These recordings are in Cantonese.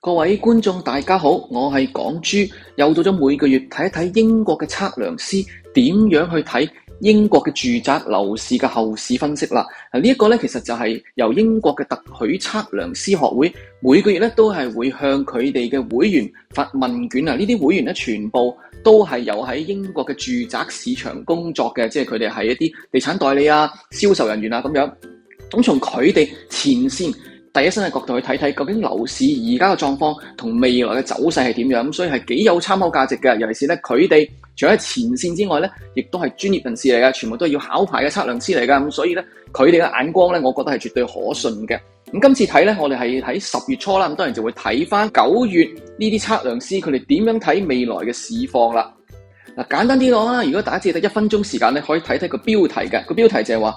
各位觀眾，大家好，我係港珠，又到咗每個月睇一睇英國嘅測量師點樣去睇英國嘅住宅樓市嘅後市分析啦。這個、呢一個其實就係由英國嘅特許測量師學會每個月呢都係會向佢哋嘅會員發問卷啊。呢啲會員呢全部都係有喺英國嘅住宅市場工作嘅，即係佢哋係一啲地產代理啊、銷售人員啊咁樣。咁從佢哋前線。第一身嘅角度去睇睇，究竟樓市而家嘅狀況同未來嘅走勢係點樣？咁所以係幾有參考價值嘅。尤其是咧，佢哋除咗喺前線之外咧，亦都係專業人士嚟嘅，全部都係要考牌嘅測量師嚟噶。咁所以咧，佢哋嘅眼光咧，我覺得係絕對可信嘅。咁今次睇咧，我哋係喺十月初啦，咁當然就會睇翻九月呢啲測量師佢哋點樣睇未來嘅市況啦。嗱，簡單啲講啦，如果大家只得一分鐘時間咧，可以睇睇個標題嘅，個標題就係話。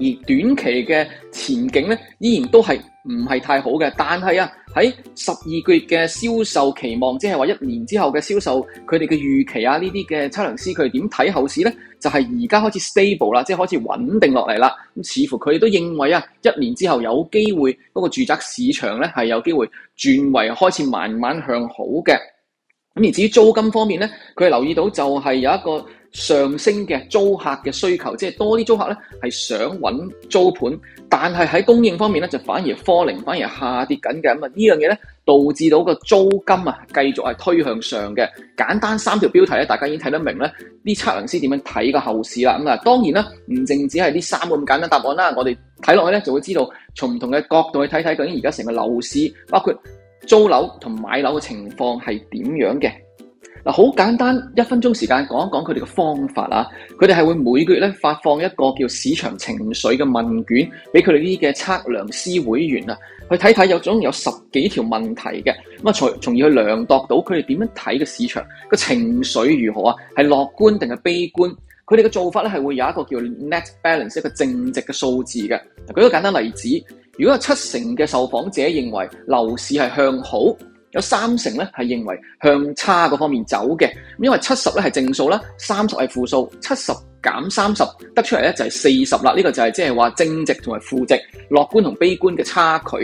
而短期嘅前景咧，依然都係唔係太好嘅。但係啊，喺十二個月嘅銷售期望，即係話一年之後嘅銷售，佢哋嘅預期啊，呢啲嘅測量師佢哋點睇後市咧？就係而家開始 stable 啦，即係開始穩定落嚟啦。咁似乎佢哋都認為啊，一年之後有機會嗰個住宅市場咧，係有機會轉為開始慢慢向好嘅。咁而至於租金方面咧，佢哋留意到就係有一個上升嘅租客嘅需求，即係多啲租客咧係想揾租盤，但係喺供應方面咧就反而 falling 反而下跌緊嘅咁啊！呢樣嘢咧導致到個租金啊繼續係推向上嘅。簡單三條標題咧，大家已經睇得明咧，呢測量師點樣睇個後市啦。咁、嗯、嗱，當然啦，唔淨止係呢三個咁簡單答案啦，我哋睇落去咧就會知道從唔同嘅角度去睇睇究竟而家成個樓市，包括租樓同買樓嘅情況係點樣嘅。嗱，好簡單，一分鐘時間講一講佢哋嘅方法啊！佢哋係會每個月咧發放一個叫市場情緒嘅問卷，俾佢哋呢啲嘅測量師會員啊，去睇睇有總有十幾條問題嘅，咁啊從從而去量度到佢哋點樣睇個市場個情緒如何啊？係樂觀定係悲觀？佢哋嘅做法咧係會有一個叫 Net Balance 一個正值嘅數字嘅。舉個簡單例子，如果有七成嘅受訪者認為樓市係向好，有三成咧係認為向差嗰方面走嘅，因為七十咧係正數啦，三十係負數，七十減三十得出嚟咧就係四十啦。呢個就係即係話正值同埋負值、樂觀同悲觀嘅差距。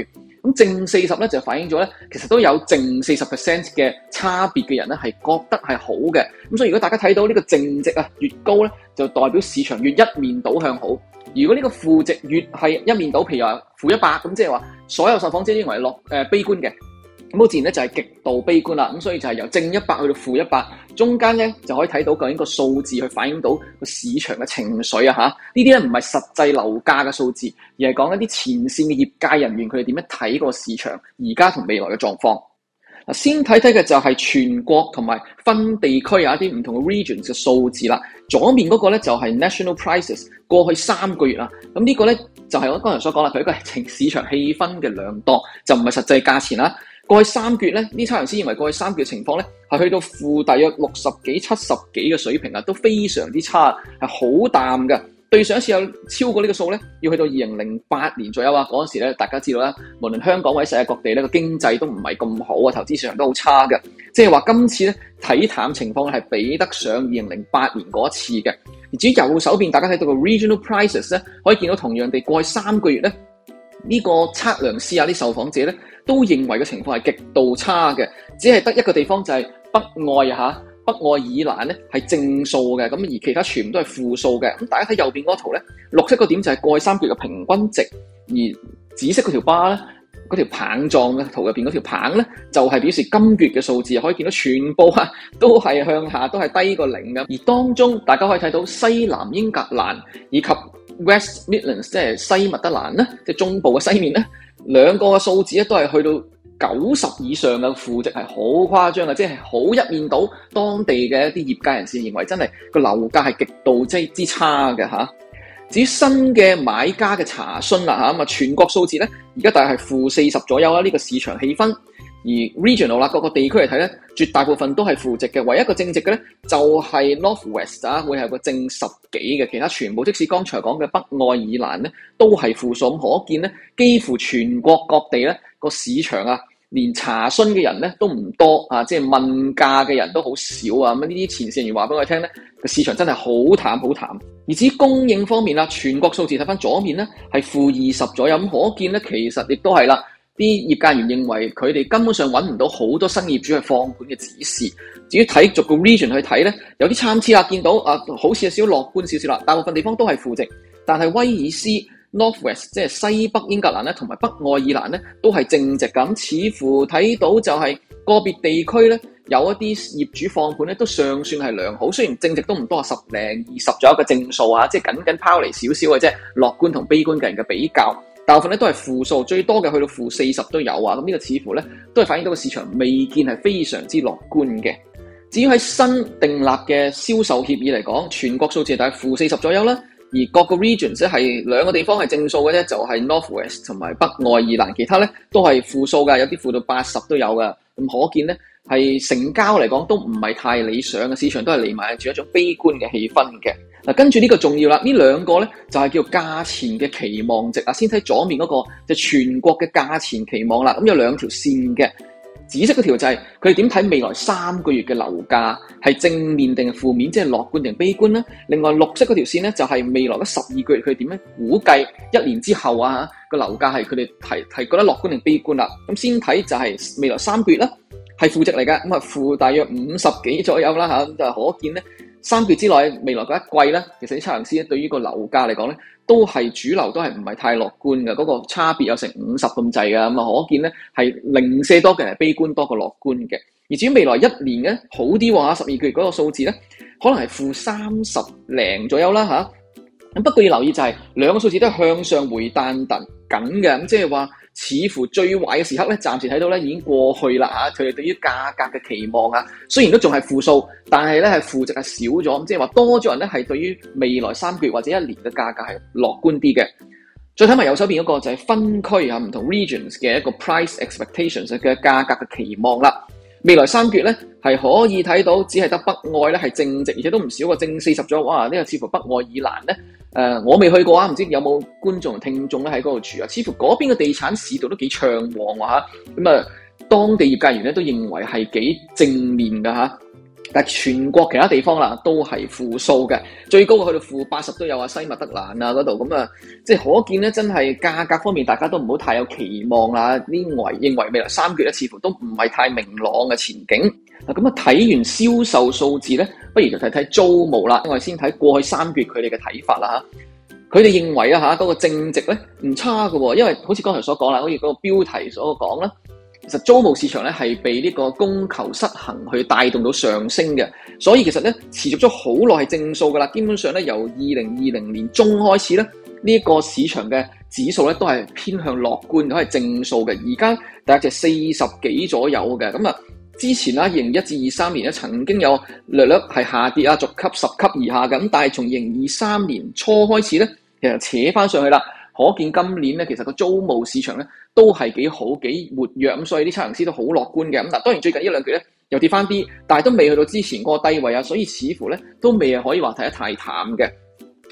咁正四十咧就反映咗咧，其實都有正四十 percent 嘅差別嘅人咧係覺得係好嘅。咁所以如果大家睇到呢個正值啊越高咧，就代表市場越一面倒向好。如果呢個負值越係一面倒，譬如話負一百咁，即係話所有受訪者認為樂、呃、悲觀嘅。咁好自然咧，就係極度悲觀啦。咁所以就係由正一百去到負一百，中間咧就可以睇到究竟個數字去反映到個市場嘅情緒啊！嚇，呢啲咧唔係實際樓價嘅數字，而係講一啲前線嘅業界人員佢哋點樣睇個市場而家同未來嘅狀況。嗱，先睇睇嘅就係全國同埋分地區有一啲唔同嘅 regions 嘅數字啦。左面嗰個咧就係、是、national prices 過去三個月啦。咁呢個咧就係、是、我剛才所講啦，佢一個係市場氣氛嘅量度，就唔係實際價錢啦。過去三個月咧，呢差人先認為過去三個月情況咧，係去到負大約六十幾、七十幾嘅水平啊，都非常之差，係好淡嘅。對上一次有超過這個數呢個數咧，要去到二零零八年左右啊。嗰時時咧，大家知道啦，無論香港或者世界各地呢個經濟都唔係咁好啊，投資市場都好差嘅。即係話今次咧，睇淡情況係比得上二零零八年嗰一次嘅。而至於右手邊，大家睇到個 Regional Prices 咧，可以見到同樣地過去三個月咧。呢、這個測量師啊，啲受訪者咧都認為嘅情況係極度差嘅，只係得一個地方就係北愛呀，北愛爾蘭咧係正數嘅，咁而其他全部都係負數嘅。咁大家睇右邊嗰圖咧，綠色嗰點就係過去三個月嘅平均值，而紫色嗰條巴咧嗰條棒狀嘅圖入邊嗰條棒咧就係、是、表示今月嘅數字，可以見到全部呀，都係向下，都係低過零嘅。而當中大家可以睇到西南英格蘭以及。West Midlands 即係西麥德蘭咧，即係中部嘅西面咧，兩個嘅數字咧都係去到九十以上嘅負值，係好誇張嘅，即係好一面倒，當地嘅一啲業界人士認為，真係個樓價係極度即之差嘅嚇。至於新嘅買家嘅查詢啦嚇，咁啊全國數字咧，而家大概係負四十左右啦。呢個市場氣氛，而 Regional 啦，各個地區嚟睇咧。絕大部分都係負值嘅，唯一一個正值嘅咧，就係 North West 啊，會係個正十幾嘅，其他全部即使剛才講嘅北愛爾蘭咧都係負數，咁可見咧，幾乎全國各地咧個市場啊，連查詢嘅人咧都唔多啊，即係問價嘅人都好少啊，咁呢啲前線人員話俾我聽咧，個市場真係好淡好淡，而至於供應方面啊，全國數字睇翻左面咧係負二十左右，咁可見咧其實亦都係啦。啲業界員認為佢哋根本上揾唔到好多新業主去放盤嘅指示，至於睇逐個 region 去睇咧，有啲參差啊，見到啊，好似有少少樂觀少少啦。大部分地方都係負值，但係威爾斯、Northwest 即係西北英格蘭咧，同埋北愛爾蘭咧，都係正值咁。似乎睇到就係個別地區咧，有一啲業主放盤咧，都尚算係良好。雖然正值都唔多啊，十零二十左右嘅正數啊，即係僅僅拋離少少嘅啫。樂觀同悲觀嘅人嘅比較。大部分咧都係負數，最多嘅去到負四十都有啊。咁呢個似乎咧都係反映到個市場未見係非常之樂觀嘅。至於喺新訂立嘅銷售協議嚟講，全國數字大概負四十左右啦。而各個 region 咧係兩個地方係正數嘅啫，就係、是、Northwest 同埋北愛爾蘭。其他咧都係負數㗎，有啲負到八十都有㗎。咁可見咧係成交嚟講都唔係太理想嘅，市場都係瀰漫住一種悲觀嘅氣氛嘅。嗱，跟住呢個重要啦，呢兩個呢，就係叫做價錢嘅期望值啊。先睇左面嗰、那個就是、全國嘅價錢期望啦，咁、嗯、有兩條線嘅，紫色嗰條就係佢哋點睇未來三個月嘅樓價係正面定係負面，即係樂觀定悲觀呢？另外綠色嗰條線呢就係、是、未來十二個月佢哋點樣估計一年之後啊，啊、這個樓價係佢哋係係覺得樂觀定悲觀啦。咁、嗯、先睇就係未來三個月啦，係負值嚟㗎，咁啊負大約五十幾左右啦嚇，咁就係可見呢。三個月之內，未來嗰一季咧，其實啲測量師咧對依個樓價嚟講咧，都係主流都係唔係太樂觀嘅，嗰、嗰個差別有成五十咁滯嘅咁啊，可見咧係零舍多嘅，係悲觀多過樂觀嘅。而至於未來一年咧，好啲喎、哦，十二個月嗰個數字咧，可能係負三十零左右啦吓，咁、啊、不過要留意就係、係、兩個數字都係向上回彈緊嘅，咁即係話。似乎最壞嘅時刻咧，暫時睇到咧已經過去啦嚇，佢哋對於價格嘅期望啊，雖然都仲係負數，但係咧係負值係少咗，即係話多咗人咧係對於未來三個月或者一年嘅價格係樂觀啲嘅。再睇埋右手邊嗰個就係分區嚇唔同 regions 嘅一個 price expectations 嘅價格嘅期望啦。未來三月咧，係可以睇到，只係得北愛咧係正值，而且都唔少過正四十咗。哇！呢、這個似乎北愛爾蘭咧，誒、呃、我未去過啊，唔知有冇觀眾同聽眾咧喺嗰度住啊？似乎嗰邊嘅地產市道都幾暢旺喎吓。咁啊，當地業界員咧都認為係幾正面㗎。啊但全國其他地方啦，都係負數嘅，最高去到負八十都有啊，西密德蘭啊嗰度，咁啊，即係可見咧，真係價格方面，大家都唔好太有期望啦。呢外認為未來三月咧，似乎都唔係太明朗嘅前景。嗱，咁啊，睇完銷售數字咧，不如就睇睇租務啦。我先睇過去三月佢哋嘅睇法啦嚇，佢哋認為啊嚇嗰、嗰個正值咧唔差嘅、啊，因為好似剛才所講啦，好似嗰個標題所講咧。其實租務市場咧係被呢個供求失衡去帶動到上升嘅，所以其實咧持續咗好耐係正數噶啦。基本上咧由二零二零年中開始咧，呢一個市場嘅指數咧都係偏向樂觀嘅，都係正數嘅。而家大約就四十幾左右嘅，咁啊，之前啦，二零一至二三年咧曾經有略略係下跌啊，逐級十級而下嘅。咁但係從二零二三年初開始咧，其實扯翻上去啦。可見今年咧，其實個租務市場咧都係幾好、幾活躍咁，所以啲測量師都好樂觀嘅。咁、嗯、嗱，當然最近一兩月咧又跌翻啲，但係都未去到之前嗰個低位啊，所以似乎咧都未可以話睇得太淡嘅。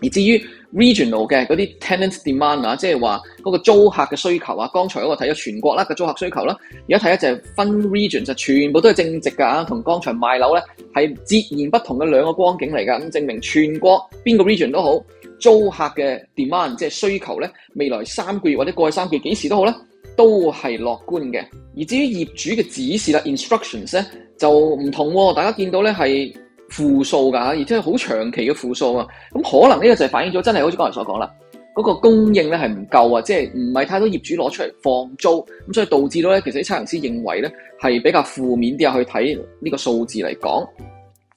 而至於 regional 嘅嗰啲 tenant demand 啊，即係話嗰個租客嘅需求啊，剛才嗰個睇咗全國啦嘅租客需求啦，而家睇一就係分 region 就全部都係正值㗎，同、啊、剛才賣樓咧係截然不同嘅兩個光景嚟㗎，咁、嗯、證明全國邊個 region 都好。租客嘅 demand 即係需求咧，未來三個月或者過去三個月幾時都好咧，都係樂觀嘅。而至於業主嘅指示啦，instructions 咧就唔同，哦，大家見到咧係負數噶，而且係好長期嘅負數啊。咁可能呢個就係反映咗真係，好似剛才所講啦，嗰，嗰個供應咧係唔夠啊，即係唔係太多業主攞出嚟放租，咁所以導致到咧，其實啲測量師認為咧係比較負面啲啊，去睇呢個數字嚟講。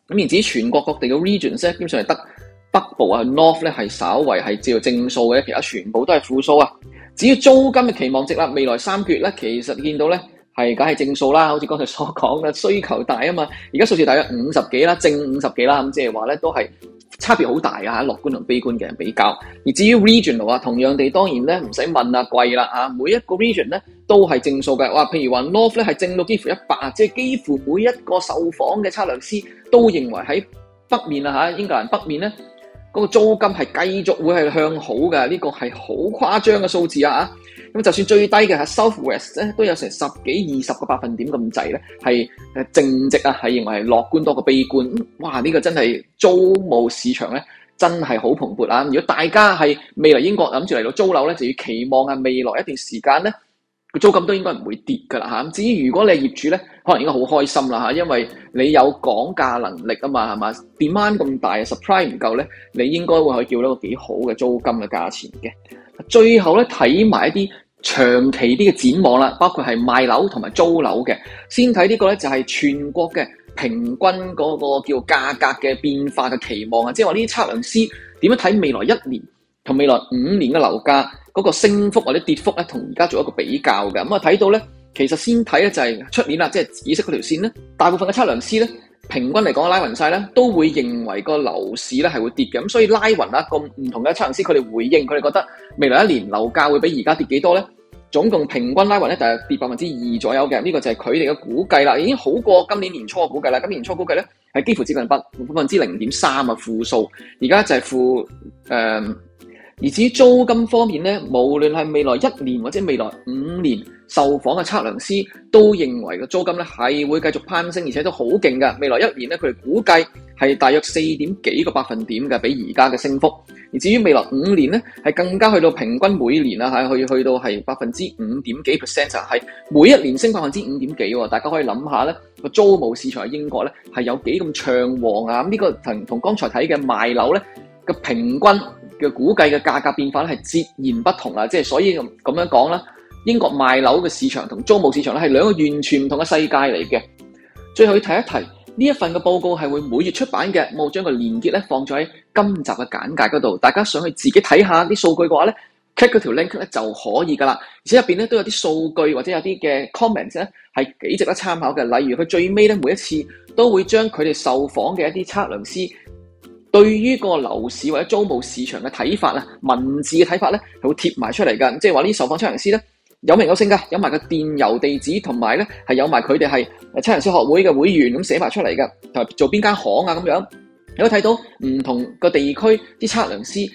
咁而至於全國各地嘅 regions 咧，基本上係得。北部啊，North 咧係稍微係照正數嘅，其他全部都係負數啊。至於租金嘅期望值啦，未來三個月咧，其實見到咧係梗係正數啦，好似剛才所講嘅需求大啊嘛。而家數字大約五十幾啦，正五十幾啦，咁即係話咧都係差別好大啊。樂觀同悲觀嘅人比較，而至於 Region 啊，同樣地當然咧唔使問啊，貴啦嚇，每一個 Region 咧都係正數嘅。哇，譬如話 North 咧係正到幾乎一百啊，即係幾乎每一個受訪嘅測量師都認為喺北面啊嚇，英格蘭北面咧。嗰個租金係繼續會係向好嘅，呢、這個係好誇張嘅數字啊！咁就算最低嘅 Southwest 咧，Southwest，都有成十幾二十個百分點咁滯咧，係誒正值啊，係認為係樂觀多過悲觀。哇！呢、這個真係租務市場咧，真係好蓬勃啊！如果大家係未來英國諗住嚟到租樓咧，就要期望啊未來一段時間咧。租金都應該唔會跌噶啦嚇。至於如果你係業主咧，可能應該好開心啦嚇，因為你有講價能力啊嘛，係嘛？demand 咁大，supply 唔夠咧，你應該會可以叫到一個幾好嘅租金嘅價錢嘅。最後咧，睇埋一啲長期啲嘅展望啦，包括係賣樓同埋租樓嘅，先睇呢個咧就係全國嘅平均嗰個叫價格嘅變化嘅期望啊，即係話呢啲測量師點樣睇未來一年。同未來五年嘅樓價嗰個升幅或者跌幅咧，同而家做一個比較嘅咁啊，睇到咧，其實先睇咧就係出年啦，即係紫色嗰條線咧，大部分嘅測量師咧，平均嚟講拉勻晒咧，都會認為個樓市咧係會跌嘅咁，所以拉勻啦，咁唔同嘅測量師佢哋回應，佢哋覺得未來一年樓價會比而家跌幾多咧？總共平均拉勻咧就係跌百分之二左右嘅呢個就係佢哋嘅估計啦。已經好過今年年初嘅估計啦。今年年初估計咧係幾乎接近百百分之零點三啊，負數而家就係負誒。呃而至於租金方面咧，無論係未來一年或者未來五年受訪的，受訪嘅測量師都認為個租金咧係會繼續攀升，而且都好勁㗎。未來一年咧，佢哋估計係大約四點幾個百分點嘅，比而家嘅升幅。而至於未來五年咧，係更加去到平均每年啊，嚇，去去到係百分之五點幾 percent，係、就係、每一年升百分之五點幾。大家可以諗下咧，個租務市場喺英國咧係有幾咁暢旺啊？呢、嗯這個同同剛才睇嘅賣樓咧嘅平均。嘅估計嘅價格變化咧係截然不同啦，即係，所以咁樣講啦，英國賣樓嘅市場同租務市場咧係兩個完全唔同嘅世界嚟嘅。最後要提一提，呢一份嘅報告係會每月出版嘅，我將個連結咧放咗喺今集嘅簡介嗰度，大家上去自己睇下啲數據嘅話咧，click 嗰條 link 咧就可以噶啦。而且入面咧都有啲數據或者有啲嘅 comment 咧係幾值得參考嘅。例如佢最尾咧每一次都會將佢哋受訪嘅一啲測量師。對於個樓市或者租務市場嘅睇法啊，文字嘅睇法咧，係會貼埋出嚟噶，即係話呢啲受訪測量師咧，有名有姓噶，有埋個電郵地址同埋咧係有埋佢哋係測量師學會嘅會員咁寫埋出嚟噶，同埋做邊間行啊咁樣，你可以睇到唔同個地區啲測量師。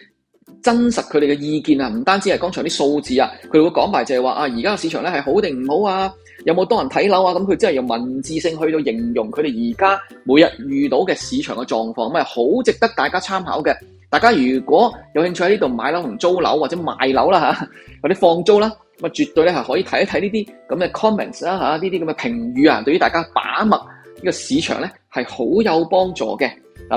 真實佢哋嘅意見啊，唔單止係剛才啲數字啊，佢會講埋就係話啊，而家嘅市場咧係好定唔好啊，有冇多人睇樓啊？咁佢真係用文字性去到形容佢哋而家每日遇到嘅市場嘅狀況，咁啊好值得大家參考嘅。大家如果有興趣喺呢度買樓同租樓或者賣樓啦嚇，或者放租啦，咁啊絕對咧係可以睇一睇呢啲咁嘅 comments 啦，呢啲咁嘅評語啊，對於大家把握呢個市場咧係好有幫助嘅。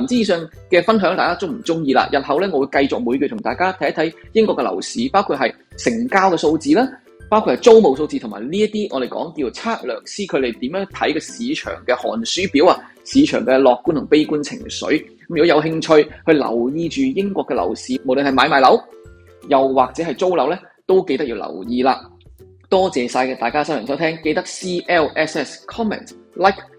以上嘅分享，大家中唔中意啦？日後咧，我會繼續每句同大家睇一睇英國嘅樓市，包括係成交嘅數字啦，包括係租務數字，同埋呢一啲我哋講叫測量師佢哋點樣睇嘅市場嘅寒暑表啊，市場嘅樂觀同悲觀情緒。咁如果有興趣去留意住英國嘅樓市，無論係買賣樓又或者係租樓咧，都記得要留意啦。多謝晒嘅大家收人收聽，記得 C L S S comment like。